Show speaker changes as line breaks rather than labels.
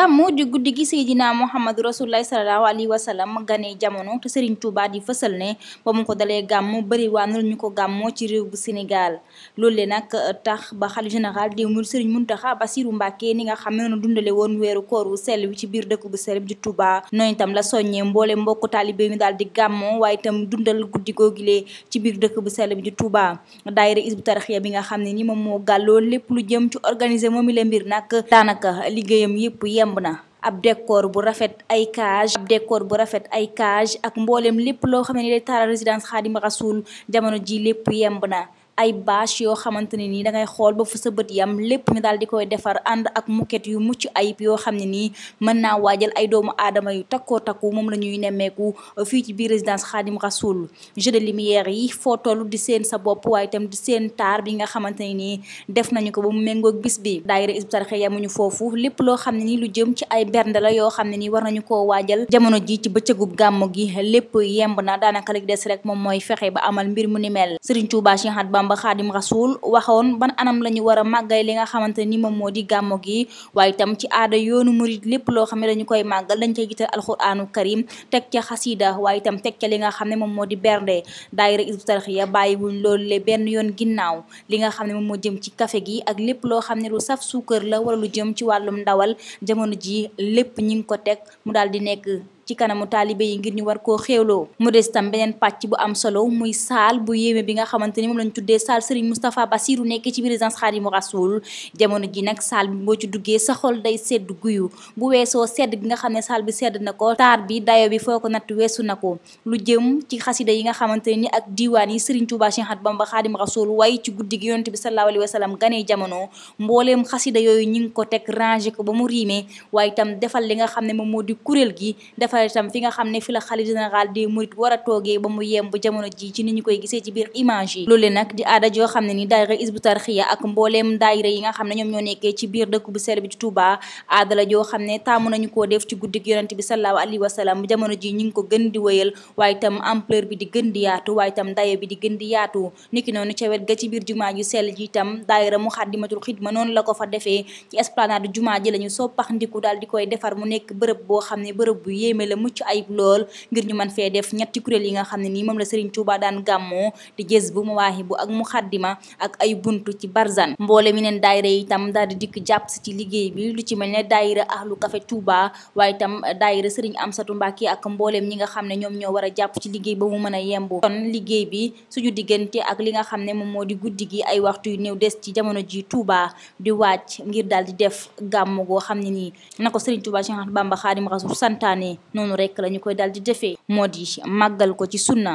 gàmmu di guddi gi seydina mouhamadou rasulullah sallallahu alayhi wa sallam gane jamono te Serigne Touba di fësal ne ba mu ko dalee gàmmu bëri waanul ñu ko gàmmoo ci réew bu Sénégal loolu nag euh, tax ba xalifa général di mul Serigne Mountakha Bassirou ni nga xam ne noonu woon weeru koor wu ci biir dëkk bu sell bi di Touba noonu itam la soññee mboole mbokku taalibe mi dal di gàmmoo waaye itam dundal guddi googilee ci biir dëkk bu sel bi di Touba daayira Hizbut Tarqiyyah bi nga xam ne ni moom moo gàlloo lépp lu jëm ci organiser moom i la mbir nag daanaka liggéeyam yëpp yem yemb ab décor bu rafet ay cage ab décor bu rafet ay cage ak mboolem lépp loo xam ne day taaral résidence Xaadim Rasuul jamono jii lépp yemb ay bâche yoo xamante ne nii dangay xool ba fu sa bët yam lépp ñu daal di koy defar ànd ak mukket yu mucc ayib yoo xam ne nii mën naa waajal ay doomu aadama yu takkoo takku moom la ñuy nemmeeku uh, fii ci biir résidence Khadim Rasoul jeu de lumière yi foo toll di seen sa bopp waaye itam di seen taar bi nga xamante ne nii def nañu ko ba mu méngoog bis bi daay daayira Hizbut Tarqiyyah yamuñu foofu lépp loo xam ne nii lu jëm ci ay bernde la yoo xam ne nii war nañu koo waajal jamono ji ci bëccëgub gàmm gi lépp yemb na daanaka li des rek moom mooy fexe amal mbir mu ni mel Serigne Touba Bamba Xaadim Rasuul waxoon ban anam la ñu war a màggay li nga xamante ni moom moo di gàmmu gi waaye itam ci aada yoonu murit lépp loo xam ne dañu koy màggal dañ cay jiital alxuraanu karim teg ca xasida waaye itam teg ca li nga xam ne moom moo di bernde daayira Hizbut Tarqiyyah bàyyiwuñ loolu le benn yoon ginnaaw li nga xam ne moom moo jëm ci kafe gi ak lépp loo xam ne lu saf suukar la wala lu jëm ci wàllum ndawal jamono ji lépp ñi ngi ko teg mu daal di ci kanamu taalibe yi ngir ñu war koo xéewloo mu des tam beneen pàcc bu am solo muy saal bu yéeme bi nga xamante ni moom lañ tuddee saal Serigne Moustapha Bassirou nekk ci résidence sa xol day sedd guyu bu weesoo sedd bi nga xam saal bi sedd na ko taar bi dayo bi foo ko natt weesu na ko lu jëm ci xasida yi nga xamante ni ak diwaan yi Serigne Touba Cheikh Ahmadou Bamba Khadimou Rassoul way ci guddi gi yonent bi sallallahu alayhi wa sallam ganee jamono mbooleem xasida yooyu ñi ngi ko teg rangé ko ba mu riimee waaye itam defal li nga xam ne moom moo xaritam fi nga xam ne fi la xalif général des mourides war a toogee ba mu yem jamono ji ci ni ñu koy gisee ci biir image yi loolu nag di aada joo xam ne ni daayira yi nga xam ne ñoom ñoo nekkee ci biir la joo xam ne taamu nañu koo def ci guddik yonent bi sallallahu alayhi wa sallam bu jumaa ju sell ji itam daayira Muxaddamatul Xidma noonu la ko fa defee ci esplanade jumaa ji la ñu soppax ndiku daal di koy defar mu nekk bërëb boo xam ne bërëb bu yéeme la mucc ayib lool ngir ñu mën fee def ñetti kuréel yi nga xam ne nii moom la Serigne Touba daan gàmmoo di jës bu mawaahibu ak muxaddima ak ay buntu ci barzan mboole mi neen daayira itam daal di dikk jàpp si ci liggéey bi lu ci mel ne daayira lu café Touba waaye tam itam daayira Serigne Amsatu Mbàkke ak mboolem ñi nga xam ne ñoom ñoo war a jàpp ci liggéey ba mu mën a yemb kon liggéey bi suñu diggante ak li nga xam ne moom moo di guddi gi ay waxtu yu néew des ci jamono ji Touba di wàcc ngir daal di def gàmm goo xam ne nii na ko Serigne Touba noonu rekk la ñu koy daal di defee moo di màggal ko ci sunna